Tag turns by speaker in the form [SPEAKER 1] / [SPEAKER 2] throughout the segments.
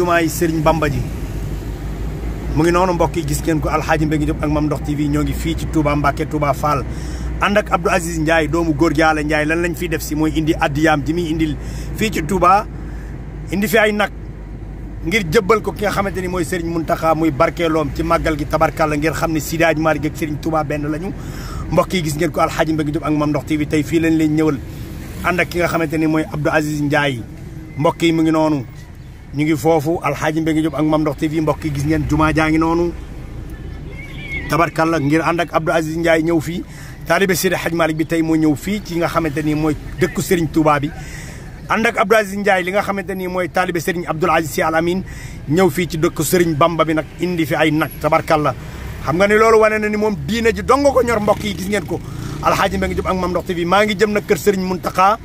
[SPEAKER 1] jumaay Serigne Bamba ji mu ngi noonu mbokk yi gis ngeen ko alxaaji Mbengue Diop ak Mame Ndokh TV ñoo ngi fii ci Touba Mbacké Touba Fall ànd ak Abdou Aziz Ndiaye doomu góor gi lan lañ fiy def si mooy indi addiyaam ji muy indil fii ci Touba indi fi ay nag ngir jëbbal ko ki nga xamante ni mooy Serigne Mountakha muy barkeeloom ci màggal gi tabarkàlla ngir xam ne Sidi Hadj Malick ak Serigne Touba benn lañu mbokk gis ngeen ko alxaaji Mbengue Diop ak Mame Ndokh tey fii lañ leen ñëwal ànd ki nga xamante ni mooy Abdou Aziz Ndiaye mbokk yi mu ngi noonu ñu ngi foofu alxaaji Mbengue Diop ak Mame Ndokh TV mbokk yi gis ngeen jumaa jaa ngi noonu tabarkalla ngir ànd ak Abdou Aziz Ndiaye ñëw fii taalibe Seydi xaj Malick bi tey mooy ñëw fii ci nga xamante ni mooy dëkku Serigne Touba bi ànd ak Abdou Aziz Ndiaye li nga xamante ni mooy taalibe Serigne Abdoul Aziz Sy Al Amine ñëw fii ci dëkk Serigne Bamba bi nag indi fi ay nag tabarkalla xam nga ni loolu wane na ni moom diine ji dong ko ñor mbokk yi gis ngeen ko alxaaji Mbengue Diop ak Mame Ndokh TV maa ngi jëm nag kër mun Mountakha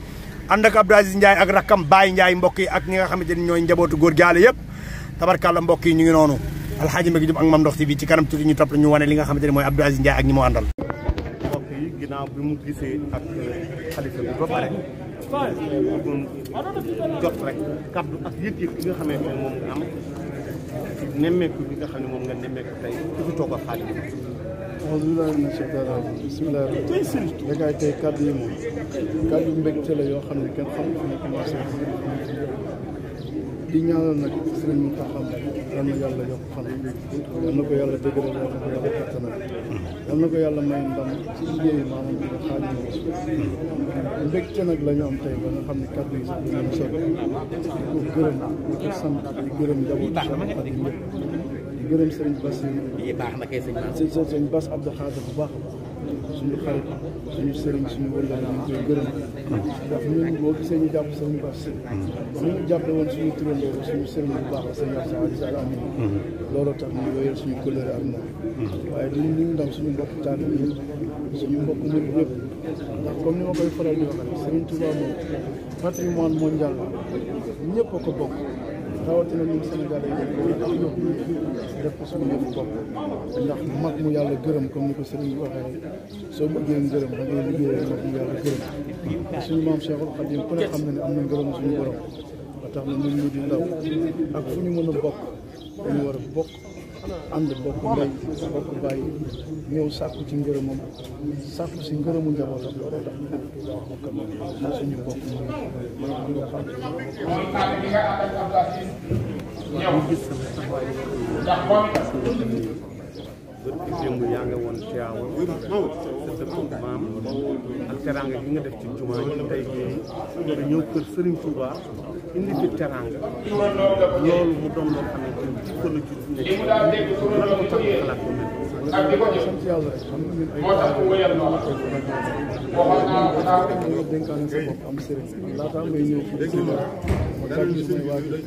[SPEAKER 1] ànd ak Abdou Aziz Ndiaye ak rakkam Baye Ndiaye mbokk yi ak ñi nga xam xamante ni ñooy njabootu góor jaale yëpp tabarkàlla mbokk yi ñu ngi noonu alxaaji Mbacké Diop ak ndox Ndokh TV ci kanam tuuti ñu topp ñu wane li nga xamante ni mooy Abdou Aziz Ndiaye ak ñi moo àndal ginnaaw bi mu gisee ak euh, xalifa bi ba pare jot nemmeeku bi nga xam ne moom nga nemmeeku tey ku fi toog a xaalis.
[SPEAKER 2] alhamdulilah mina shaytaan rajiim bisimilah. tey kàddu yi moom kàddu mbégte la yoo xam ne kenn xamul fi ñu commencé. di ñaanal nag sëriñ Mountakha yal na yàlla yokk fan yal na ko yàlla dëgëral yal na ko yàlla kattanal yal na ko yàlla may ndam ci liggéey maanaam nga xaajuma mbégte nag la ñu am tey ba xam ne kàddu yi sax dinañ sori di ko gërëm di ko sant di gërëm njaboot ak ñëpp di gërëm sëriñ Bass
[SPEAKER 1] yi baax na kay sëñ
[SPEAKER 2] Bass bu baax suñu xarit suñu sëriñ suñu wëllëg ñu koy gërëm ndax ñun boo gisee ñu jàpp sëriñ Bass ñu jàppe woon suñu turandoo suñu sëriñ bu baax la sëriñ Absa Aziz Al Amin mm-hmm. loolu tax ñu wéyal suñu couleur am na mm-hmm. waaye dañu ñu ndam suñu mbokk taal yi suñu mbokk murid yëpp ndax comme ni ma koy faral di wax sëriñ Touba moom patrimoine mondial la ñëpp a ko bokk rawatina ñun Sénégal yi def ko suñu yëfu bopp ndax mag mu yàlla gërëm comme ni ko sëriñ bi waxee rek soo bëggee ngërëm da ngay liggéeyee mag mu yàlla gërëm suñu maam Cheikhul Khadim ku ne xam na ne am na ngërëm suñu borom ba tax na ñun ñu di ndaw ak fu ñu mën a bokk dañu war a bokk ànd bokk ndey bokk baay ñëw sàkku ci ngërëmam sàkku si ngërëmu njabootam looloo tax moo suñu bokk
[SPEAKER 1] mooy mooy nga xam ne. ndax moom
[SPEAKER 2] bërki démb yaa nga woon Tiwaawan te sa dëkk maam ak teraanga gi nga def ci jumaa ji tey jii nga ñëw kër Serigne Touba indi fi teraanga loolu mu doon loo xam ne ci jikko la ju nekk lan moo tax xalaat ko mel ak di ko jëf moo tax mu wéyal noonu waxoon naa ko naa ko dénkaan sa bopp am sëriñ laata may ñëw fii si ma tàggu sumay waajur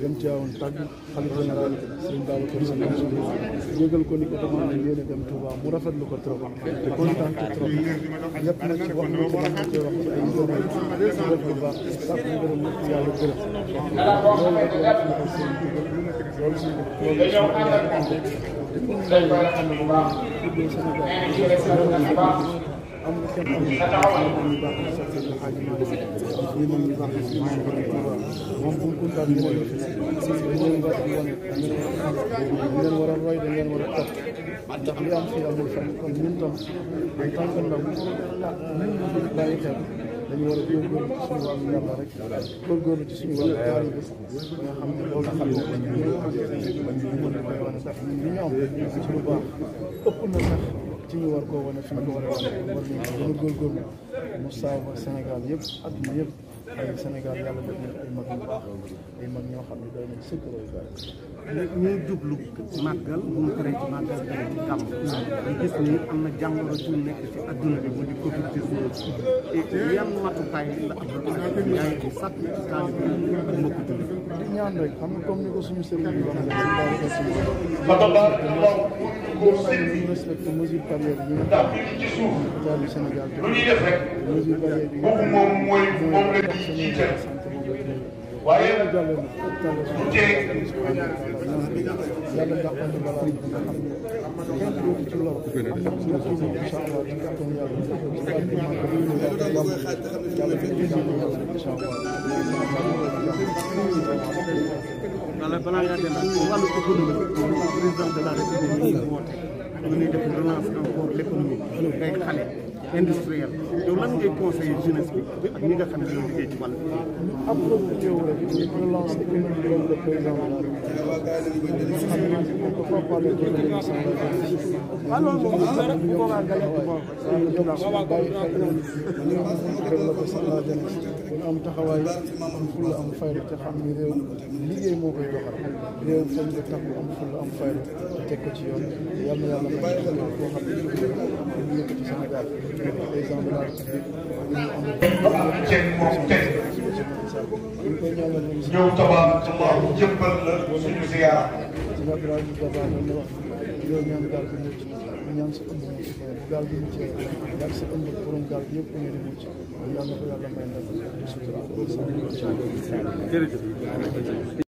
[SPEAKER 2] dem Tiwaawan tàggu xalifa général Serigne Babacar Sy yëgal ko ni ko ne la yéen a dem mu rafetlu ko trop te kontaan ko trop ñëpp nag ci wax na ci wax ci wax ay góor yi ko seen loolu suñu loolu te comme loolu nga amul kenn amul ñu baax na sax seen xaaj maa ngi ñu moom ñu baax na maa ngi bëgg Touba moom bu kuntaan ñu leen si dañ leen war a woon dañ leen war a roy dañ leen war a topp ndax li am fii amul fenn kon ñun tam en tant que ndaw ñun ñu ngi bàyyi xel dañu war a góorgóorlu ci suñu wàllu yàlla rek góorgóorlu ci suñu wàllu yàlla bi ba nga xam ne loolu xam ne ñu mën a koy wane sax ñun li ñu am ci lu baax ëpp na sax ci ñu war koo wane fi ñu ko war a wane war nañ ko gën a góorgóorlu mu saawa Sénégal yëpp adduna yëpp ay Sénégal yàlla def na ay mag ay mag ñoo xam ne doy nañ sëkk
[SPEAKER 1] ñu jublu màggal bu mu paree ci màggal bi ci gàmm ñu gis ni am na jàngoro ju nekk ci adduna bi mu di covid 19 et yan matukaay la am yaay di
[SPEAKER 2] sàkk ci taali bi mbokk julli di ñaan rek xam nga comme ni ko suñu sëriñ bi waxee suñu baax la suñu ñu respecté mesure barrière yi nga xam ne Sénégal mesure barrière bi nga xam ne mooy waaye bu dee wala balaa ngaa dem wàllu économie président de la république ñu ngi def relance encore l' économie ngay xale industriel yow lan ngay conseiller jeunesse bi ak ñi nga xam ne dañoo liggéey ci wàll bi. am taxawaay am fulla am fayda te xam ni réew liggéey moo koy doxal réew foog nga takku am fulla am fayda te teg ko ci yoon yal na yàlla may xam ne koo xam ne ñu yëkkati Sénégal président de la République ñu am ñu koy ñaanal ñëw tabaam ci moom jëmbal la suñu ziyaar ñoo ñaan gaal bi mucc ñaan sa ëmb mucc bu gaal bi mucc yàgg sa ëmb borom gaal bi yëpp ngeen di mucc yàlla na ko yàlla may ndam sutura